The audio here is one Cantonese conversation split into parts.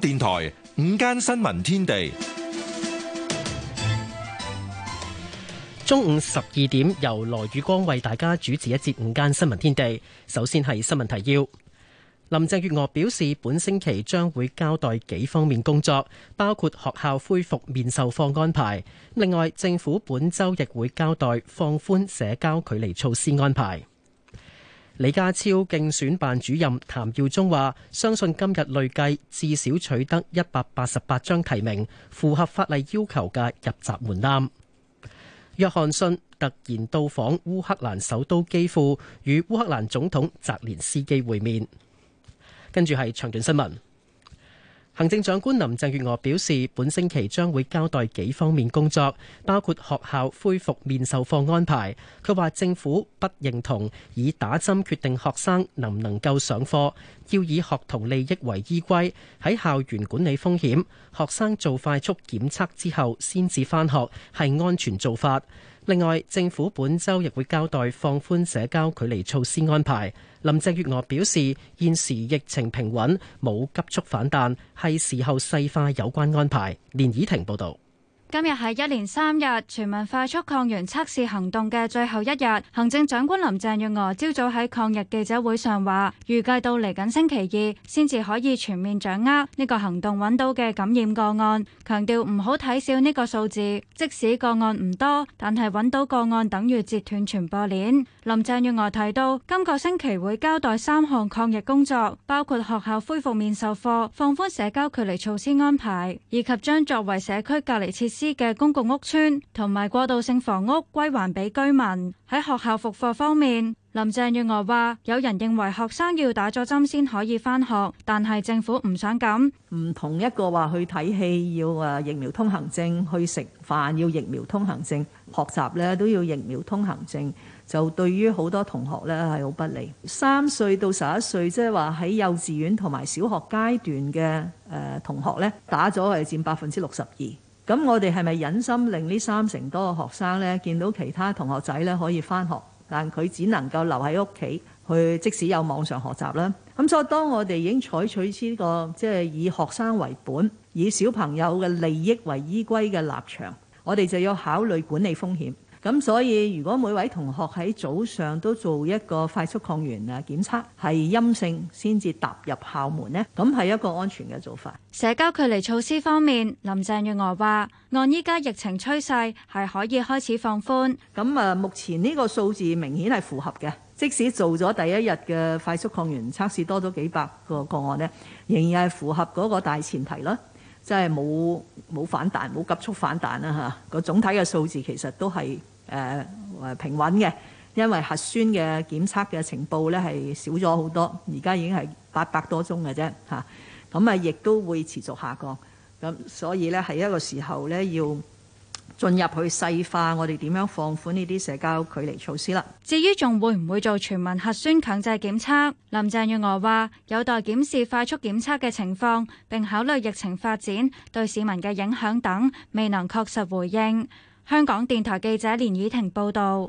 電台午間新聞天地，中午十二點由羅宇光為大家主持一節午間新聞天地。首先係新聞提要，林鄭月娥表示，本星期將會交代幾方面工作，包括學校恢復面授課安排。另外，政府本周亦會交代放寬社交距離措施安排。李家超競選辦主任譚耀宗話：相信今日累計至少取得一百八十八張提名，符合法例要求嘅入閘門檻。約翰遜突然到訪烏克蘭首都基輔，與烏克蘭總統澤連斯基會面。跟住係長短新聞。行政長官林鄭月娥表示，本星期將會交代幾方面工作，包括學校恢復面授課安排。佢話政府不認同以打針決定學生能唔能夠上課，要以學童利益為依歸，喺校園管理風險。學生做快速檢測之後先至返學，係安全做法。另外，政府本周亦會交代放寬社交距離措施安排。林鄭月娥表示，現時疫情平穩，冇急速反彈，係時候細化有關安排。連以婷報導。今日係一連三日全民快速抗原測試行動嘅最後一日，行政長官林鄭月娥朝早喺抗疫記者會上話，預計到嚟緊星期二先至可以全面掌握呢個行動揾到嘅感染個案，強調唔好睇少呢個數字，即使個案唔多，但係揾到個案等於截斷傳播鏈。林鄭月娥提到，今個星期會交代三項抗疫工作，包括學校恢復面授課、放寬社交距離措施安排，以及將作為社區隔離設施。之嘅公共屋邨同埋過渡性房屋歸還俾居民。喺學校復課方面，林鄭月娥話，有人認為學生要打咗針先可以返學，但係政府唔想咁。唔同一個話去睇戲要啊疫苗通行證，去食飯要疫苗通行證，學習咧都要疫苗通行證，就對於好多同學咧係好不利。三歲到十一歲，即係話喺幼稚園同埋小學階段嘅誒同學咧，打咗係佔百分之六十二。咁我哋係咪忍心令呢三成多嘅學生呢見到其他同學仔呢可以翻學，但佢只能夠留喺屋企去，即使有網上學習啦？咁所以當我哋已經採取呢個即係以學生為本，以小朋友嘅利益為依歸嘅立場，我哋就要考慮管理風險。咁所以如果每位同學喺早上都做一個快速抗原啊檢測，係陰性先至踏入校門咧，咁係一個安全嘅做法。社交距離措施方面，林鄭月娥話，按依家疫情趨勢係可以開始放寬，咁啊，目前呢個數字明顯係符合嘅，即使做咗第一日嘅快速抗原測試多咗幾百個個案咧，仍然係符合嗰個大前提啦，即係冇冇反彈、冇急速反彈啦吓。個總體嘅數字其實都係。誒平穩嘅，因為核酸嘅檢測嘅情報咧係少咗好多，而家已經係八百多宗嘅啫吓，咁啊亦都會持續下降，咁所以咧係一個時候咧要進入去細化我哋點樣放寬呢啲社交距離措施啦。至於仲會唔會做全民核酸強制檢測？林鄭月娥話有待檢視快速檢測嘅情況，並考慮疫情發展對市民嘅影響等，未能確實回應。香港電台記者連綺婷報道，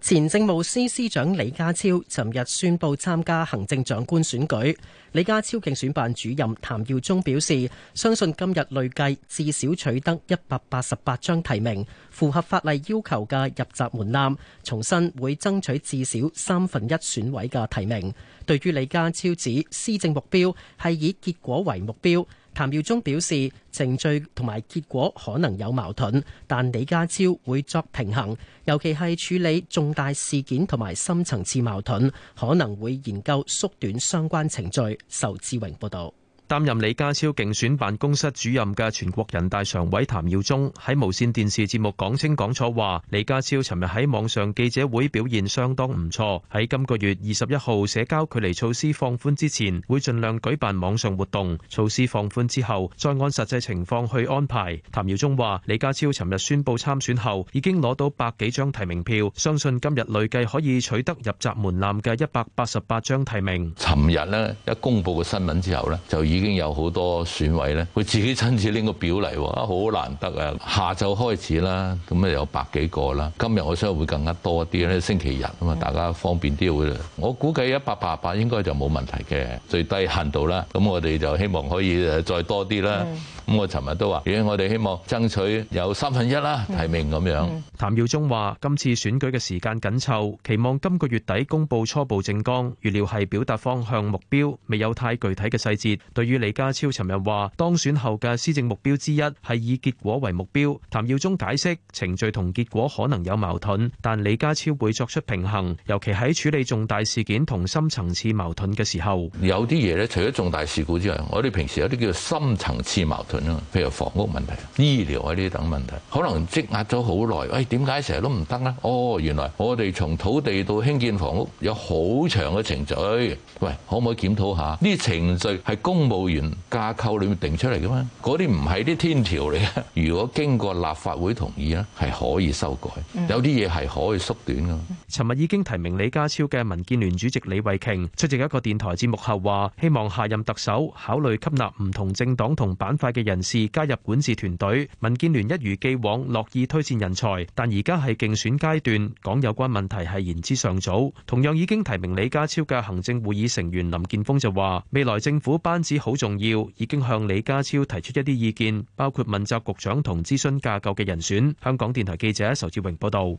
前政務司司長李家超尋日宣布參加行政長官選舉。李家超競選辦主任譚耀宗表示，相信今日累計至少取得一百八十八張提名，符合法例要求嘅入閘門檻。重申會爭取至少三分一選委嘅提名。對於李家超指施政目標係以結果為目標。譚耀宗表示，程序同埋結果可能有矛盾，但李家超會作平衡，尤其係處理重大事件同埋深層次矛盾，可能會研究縮短相關程序。仇志榮報道。擔任李家超競選辦公室主任嘅全國人大常委譚耀宗喺無綫電視節目講清講楚，話李家超尋日喺網上記者會表現相當唔錯，喺今個月二十一號社交距離措施放寬之前會盡量舉辦網上活動，措施放寬之後再按實際情況去安排。譚耀宗話李家超尋日宣布參選後已經攞到百幾張提名票，相信今日累計可以取得入閘門檻嘅一百八十八張提名。尋日呢一公布的新聞之後呢就已經有好多選委咧，佢自己親自拎個表嚟，啊好難得啊！下晝開始啦，咁啊有百幾個啦。今日我相信會更加多啲咧，星期日啊大家方便啲會。我估計一百八百應該就冇問題嘅，最低限度啦。咁我哋就希望可以誒再多啲啦。咁我尋日都話，如果我哋希望爭取有三分一啦提名咁樣。嗯嗯嗯、譚耀宗話：今次選舉嘅時間緊湊，期望今個月底公布初步政綱，預料係表達方向目標，未有太具體嘅細節。對於李家超尋日話當選後嘅施政目標之一係以結果為目標。譚耀宗解釋程序同結果可能有矛盾，但李家超會作出平衡，尤其喺處理重大事件同深層次矛盾嘅時候，有啲嘢咧，除咗重大事故之外，我哋平時有啲叫做深層次矛盾啊，譬如房屋問題、醫療啊呢等問題，可能積壓咗好耐。喂，點解成日都唔得呢？哦，原來我哋從土地到興建房屋有好長嘅程序，喂，可唔可以檢討下呢啲程序係公務？部員架構裏面定出嚟嘅嘛，嗰啲唔係啲天條嚟啊！如果經過立法會同意啊，係可以修改，有啲嘢係可以縮短嘅。尋日已經提名李家超嘅民建聯主席李慧瓊出席一個電台節目後話，希望下任特首考慮吸納唔同政黨同板塊嘅人士加入管治團隊。民建聯一如既往樂意推薦人才，但而家係競選階段，講有關問題係言之尚早。同樣已經提名李家超嘅行政會議成員林建峰就話，未來政府班子好重要，已經向李家超提出一啲意見，包括問責局長同諮詢架構嘅人選。香港電台記者仇志榮報導。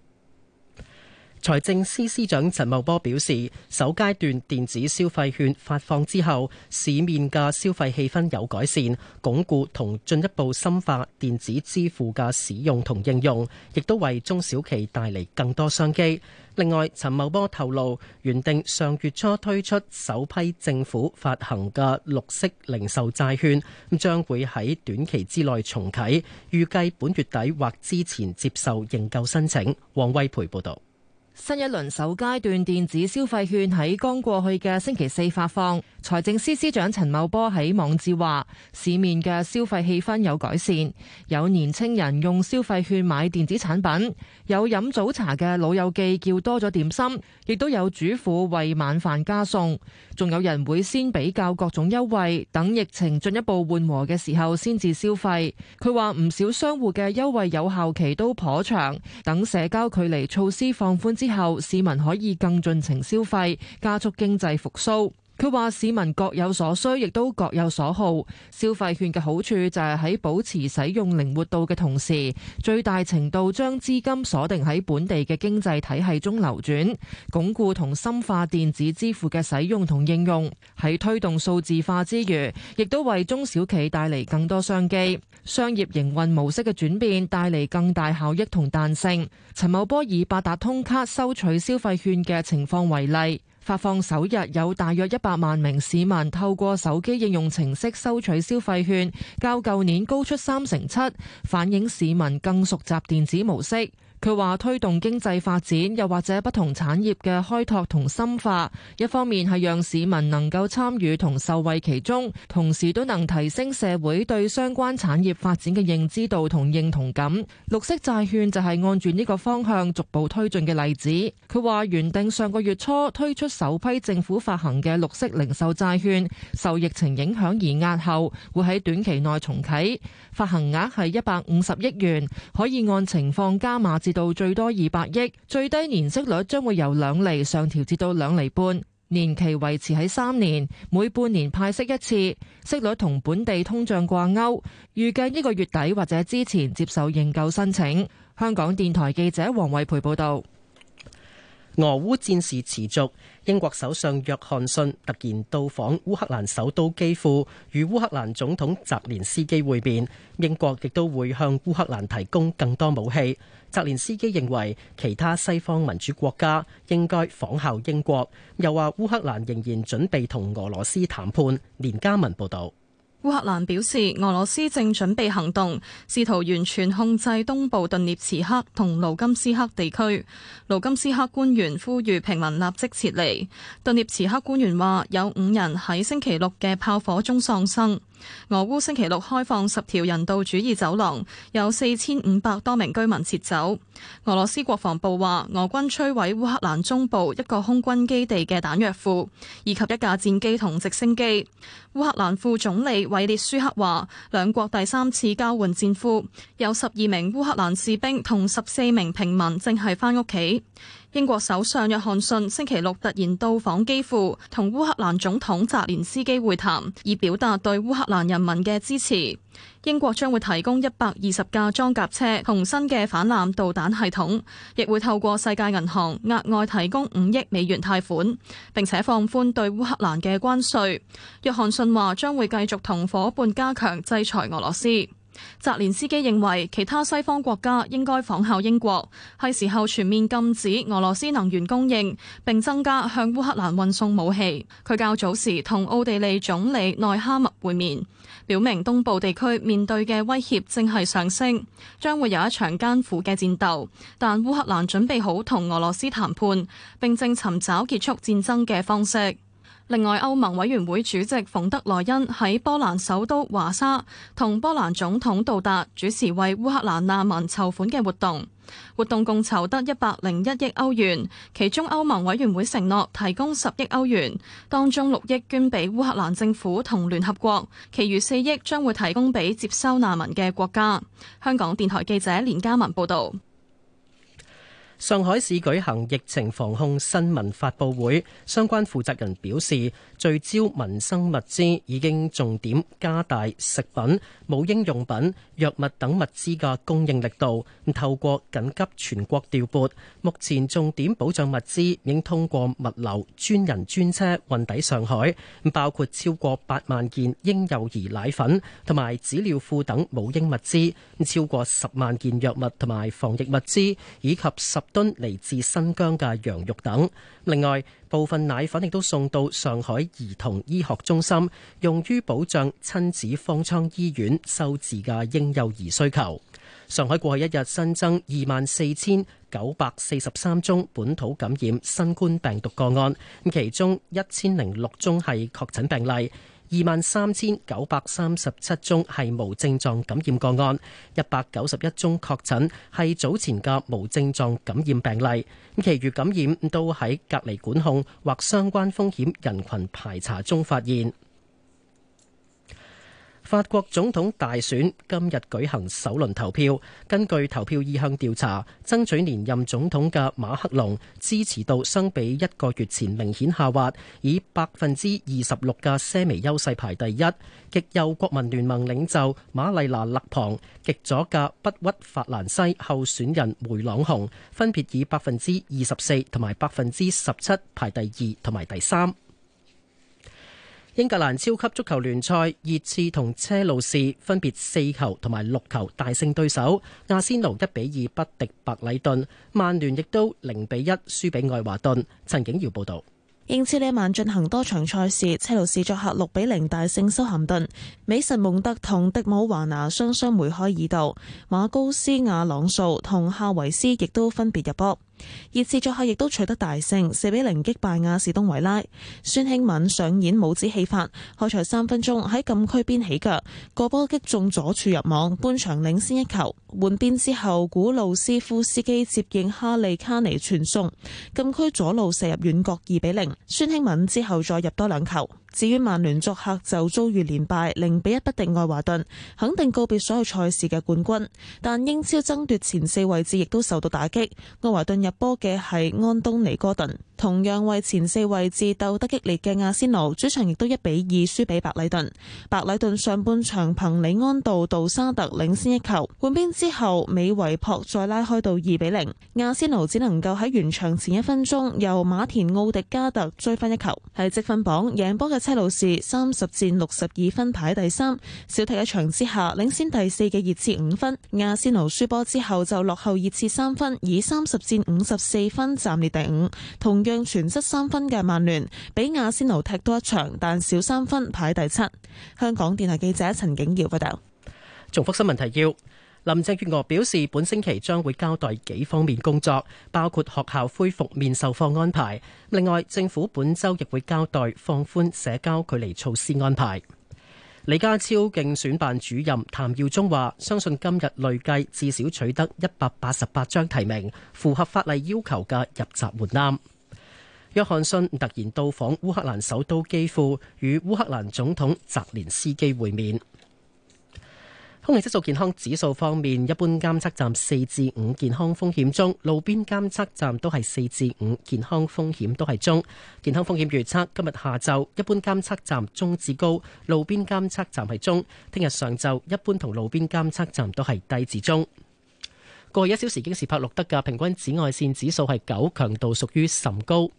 財政司司長陳茂波表示，首階段電子消費券發放之後，市面嘅消費氣氛有改善，鞏固同進一步深化電子支付嘅使用同應用，亦都為中小企帶嚟更多商機。另外，陳茂波透露，原定上月初推出首批政府發行嘅綠色零售債券，咁將會喺短期之內重啟，預計本月底或之前接受認購申請。黃威培報道。新一輪首階段電子消費券喺剛過去嘅星期四發放，財政司司長陳茂波喺網誌話：市面嘅消費氣氛有改善，有年青人用消費券買電子產品，有飲早茶嘅老友記叫多咗點心，亦都有主婦為晚飯加餸，仲有人會先比較各種優惠，等疫情進一步緩和嘅時候先至消費。佢話唔少商戶嘅優惠有效期都頗長，等社交距離措施放寬之之後，市民可以更盡情消費，加速經濟復甦。佢話：市民各有所需，亦都各有所好。消費券嘅好處就係喺保持使用靈活度嘅同時，最大程度將資金鎖定喺本地嘅經濟體系中流轉，鞏固同深化電子支付嘅使用同應用。喺推動數字化之餘，亦都為中小企帶嚟更多商機，商業營運模式嘅轉變帶嚟更大效益同彈性。陳茂波以八達通卡收取消費券嘅情況為例。發放首日有大約一百萬名市民透過手機應用程式收取消費券，較舊年高出三成七，反映市民更熟習電子模式。佢話推動經濟發展，又或者不同產業嘅開拓同深化，一方面係讓市民能夠參與同受惠其中，同時都能提升社會對相關產業發展嘅認知度同認同感。綠色債券就係按住呢個方向逐步推進嘅例子。佢話原定上個月初推出首批政府發行嘅綠色零售債券，受疫情影響而押後，會喺短期內重啟，發行額係一百五十億元，可以按情況加碼至。到最多二百億，最低年息率將會由兩厘上調至到兩厘半，年期維持喺三年，每半年派息一次，息率同本地通脹掛鈎，預計呢個月底或者之前接受認購申請。香港電台記者黃慧培報道。俄烏戰事持續，英國首相約翰遜突然到訪烏克蘭首都基輔，與烏克蘭總統澤連斯基會面。英國亦都會向烏克蘭提供更多武器。澤連斯基認為其他西方民主國家應該仿效英國，又話烏克蘭仍然準備同俄羅斯談判。連家文報導。烏克蘭表示，俄羅斯正準備行動，試圖完全控制東部頓涅茨克同盧甘斯克地區。盧甘斯克官員呼籲平民立即撤離。頓涅茨克官員話，有五人喺星期六嘅炮火中喪生。俄烏星期六開放十條人道主義走廊，有四千五百多名居民撤走。俄羅斯國防部話，俄軍摧毀烏克蘭中部一個空軍基地嘅彈藥庫，以及一架戰機同直升機。烏克蘭副總理韋列舒克話，兩國第三次交換戰俘，有十二名烏克蘭士兵同十四名平民正係翻屋企。英國首相約翰遜星期六突然到訪基輔，同烏克蘭總統澤連斯基會談，以表達對烏克蘭人民嘅支持。英國將會提供一百二十架裝甲車同新嘅反艦導彈系統，亦會透過世界銀行額外提供五億美元貸款，並且放寬對烏克蘭嘅關稅。約翰遜話將會繼續同伙伴加強制裁俄羅斯。澤連斯基認為其他西方國家應該仿效英國，係時候全面禁止俄羅斯能源供應，並增加向烏克蘭運送武器。佢較早時同奧地利總理內哈默會面，表明東部地區面對嘅威脅正係上升，將會有一場艱苦嘅戰鬥。但烏克蘭準備好同俄羅斯談判，並正尋找結束戰爭嘅方式。另外，歐盟委員會主席馮德萊恩喺波蘭首都華沙同波蘭總統杜達主持為烏克蘭難民籌款嘅活動，活動共籌得一百零一億歐元，其中歐盟委員會承諾提供十億歐元，當中六億捐俾烏克蘭政府同聯合國，其餘四億將會提供俾接收難民嘅國家。香港電台記者連嘉文報導。上海市舉行疫情防控新聞發佈會，相關負責人表示，聚焦民生物資已經重點加大食品、母嬰用品、藥物等物資嘅供應力度，透過緊急全國調撥，目前重點保障物資已經通過物流專人專車運抵上海，包括超過八萬件嬰幼兒奶粉同埋紙尿褲等母嬰物資，超過十萬件藥物同埋防疫物資，以及十噸嚟自新疆嘅羊肉等。另外部分奶粉亦都送到上海兒童醫學中心，用於保障親子方艙醫院收治嘅嬰幼兒需求。上海過去一日新增二萬四千九百四十三宗本土感染新冠病毒個案，咁其中一千零六宗係確診病例。二萬三千九百三十七宗係無症狀感染個案，一百九十一宗確診係早前嘅無症狀感染病例，其餘感染都喺隔離管控或相關風險人群排查中發現。法國總統大選今日舉行首輪投票，根據投票意向調查，爭取連任總統嘅馬克龍支持度相比一個月前明顯下滑，以百分之二十六嘅些微優勢排第一。極右國民聯盟領袖瑪麗娜勒龐、極左嘅不屈法蘭西候選人梅朗雄，分別以百分之二十四同埋百分之十七排第二同埋第三。英格蘭超級足球聯賽熱刺同車路士分別四球同埋六球大勝對手，阿仙奴一比二不敵白禮頓，曼聯亦都零比一輸俾愛華頓。陳景瑤報道。英超呢晚進行多場賽事，車路士作客六比零大勝修咸頓，美神蒙特同迪姆華拿雙雙梅開二度，馬高斯亞朗素同夏維斯亦都分別入波。熱刺作客亦都取得大勝，4比0擊敗亞士東維拉。孫興敏上演帽子戲法，開賽三分鐘喺禁區邊起腳，個波擊中左柱入網，半場領先一球。換邊之後，古魯斯夫斯基接應哈利卡尼傳送禁區左路射入遠角2比0。孫興敏之後再入多兩球。至於曼聯作客就遭遇連敗，零比一不敵愛華頓，肯定告別所有賽事嘅冠軍。但英超爭奪前四位置亦都受到打擊，愛華頓入波嘅係安東尼哥頓。同樣為前四位置鬥得激烈嘅阿仙奴主場亦都一比二輸俾白禮頓。白禮頓上半場憑李安度杜沙特領先一球，換邊之後美維珀再拉開到二比零。阿仙奴只能夠喺完場前一分鐘由馬田奧迪加特追返一球。喺積分榜贏波嘅車路士三十戰六十二分排第三，少踢一場之下領先第四嘅熱刺五分。阿仙奴輸波之後就落後熱刺三分，以三十戰五十四分暫列第五。同讓全質三分嘅曼聯比亞仙奴踢多一場，但少三分排第七。香港電台記者陳景耀報道。重複新聞提要：林鄭月娥表示，本星期將會交代幾方面工作，包括學校恢復面授課安排。另外，政府本周亦會交代放寬社交距離措施安排。李家超競選辦主任譚耀宗話：相信今日累計至少取得一百八十八張提名，符合法例要求嘅入閘門檻。約翰遜突然到訪烏克蘭首都基輔，與烏克蘭總統澤連斯基會面。空氣質素健康指數方面，一般監測站四至五健康風險中，路邊監測站都係四至五健康風險都係中。健康風險預測今日下晝一般監測站中至高，路邊監測站係中。聽日上晝一般同路邊監測站都係低至中。過去一小時京士柏錄得嘅平均紫外線指數係九，強度屬於甚高。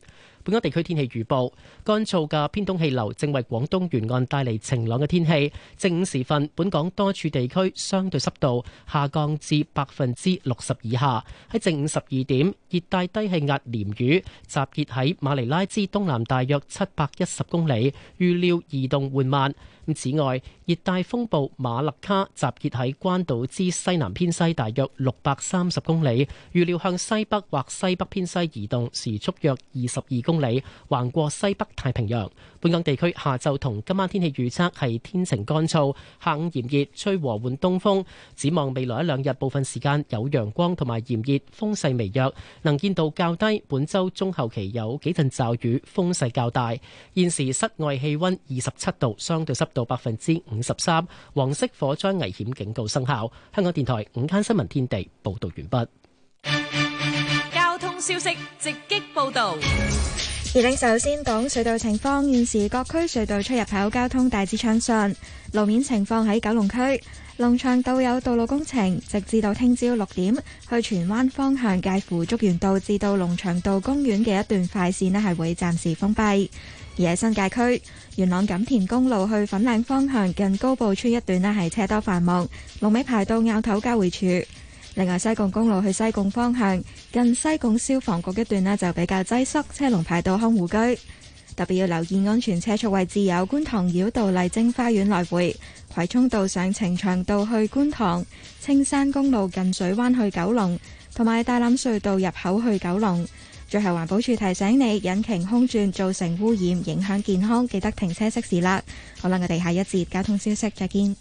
本港地區天氣預報，乾燥嘅偏東氣流正為廣東沿岸帶嚟晴朗嘅天氣。正午時分，本港多處地區相對濕度下降至百分之六十以下。喺正午十二點，熱帶低氣壓鯰魚集結喺馬尼拉之東南，大約七百一十公里，預料移動緩慢。此外，熱帶風暴馬勒卡集結喺關島之西南偏西，大約六百三十公里，預料向西北或西北偏西移動，時速約二十二公里。公里橫過西北太平洋。本港地區下晝同今晚天氣預測係天晴乾燥，下午炎熱，吹和緩東風。展望未來一兩日部分時間有陽光同埋炎熱，風勢微弱，能見度較低。本周中後期有幾陣驟雨，風勢較大。現時室外氣溫二十七度，相對濕度百分之五十三，黃色火災危險警告生效。香港電台午間新聞天地報道完畢。交通消息直擊報道。而定首先講隧道情況，現時各區隧道出入口交通大致暢順。路面情況，喺九龍區龍翔道有道路工程，直至到聽朝六點，去荃灣方向介乎竹園道至到龍翔道公園嘅一段快線咧係會暫時封閉。而喺新界區元朗錦田公路去粉嶺方向近高埗村一段咧係車多繁忙，龍尾排到坳頭交匯處。另外，西貢公路去西貢方向，近西貢消防局一段呢就比較擠塞，車龍排到康湖居。特別要留意安全車速位置有觀塘繞道麗晶花園來回、葵涌道上呈祥道去觀塘、青山公路近水灣去九龍，同埋大欖隧道入口去九龍。最後，環保署提醒你，引擎空轉造成污染，影響健康，記得停車熄匙啦。好啦，我哋下一節交通消息再見。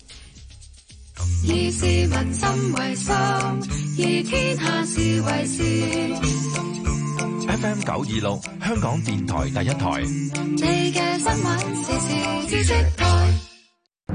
以市民心為心，以天下事為事。FM 九二六， FM926, 香港電台第一台。 你嘅新聞，時事知識台。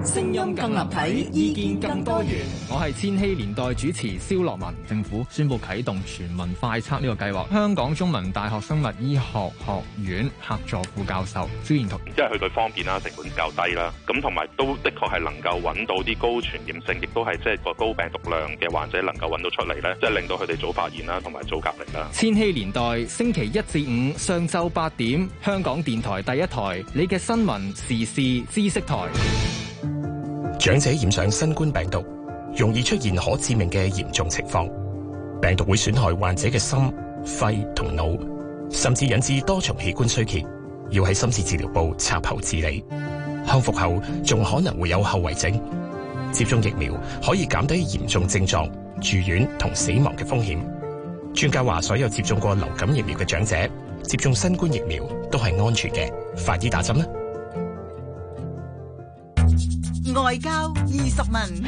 聲音更立體，意見更多元。我係千禧年代主持蕭樂文。政府宣佈啟動全民快測呢個計劃。香港中文大學生物醫學學院客座副教授朱然圖，即係去佢方便啦，成本較低啦。咁同埋都的確係能夠揾到啲高傳染性，亦都係即係個高病毒量嘅患者，能夠揾到出嚟咧，即係令到佢哋早發現啦，同埋早隔離啦。千禧年代星期一至五上晝八點，香港電台第一台，你嘅新聞時事知識台。長者染上新冠病毒，容易出現可致命嘅嚴重情況。病毒會損害患者嘅心、肺同腦，甚至引致多重器官衰竭，要喺深切治療部插喉治理。康復後仲可能會有後遺症。接種疫苗可以減低嚴重症狀、住院同死亡嘅風險。專家話，所有接種過流感疫苗嘅長者，接種新冠疫苗都係安全嘅。快啲打針啦！外交二十問，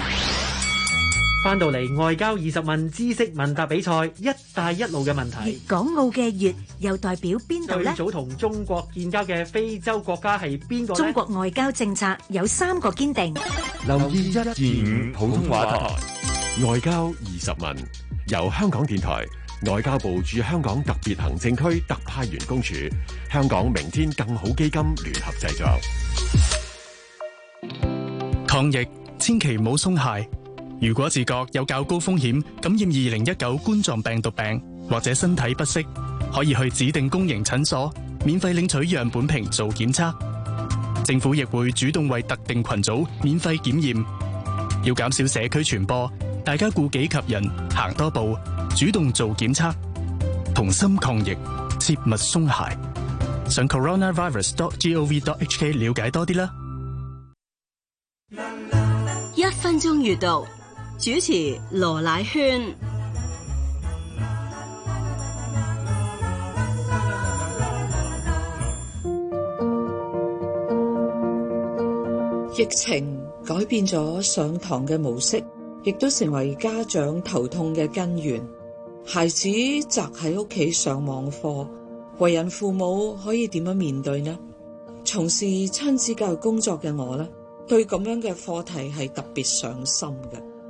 翻到嚟外交二十問知識問答比賽，一帶一路嘅問題。粵港澳嘅粵又代表邊度咧？最早同中國建交嘅非洲國家係邊個咧？中國外交政策有三個堅定。留意一二五普通話台，外交二十問由香港電台、外交部駐香港特別行政區特派員公署、香港明天更好基金聯合製作。抗疫千祈唔好鬆懈。如果自覺有較高風險感染二零一九冠狀病毒病，或者身體不適，可以去指定公營診所免費領取樣本瓶做檢測。政府亦會主動為特定群組免費檢驗。要減少社區傳播，大家顧己及人，行多步，主動做檢測，同心抗疫，切勿鬆懈。上 coronavirus.gov.hk 了解多啲啦。分鐘閱讀，主持羅乃軒。疫情改變咗上堂嘅模式，亦都成為家長頭痛嘅根源。孩子宅喺屋企上網課，為人父母可以點樣面對呢？從事親子教育工作嘅我呢？對咁樣嘅課題係特別上心嘅。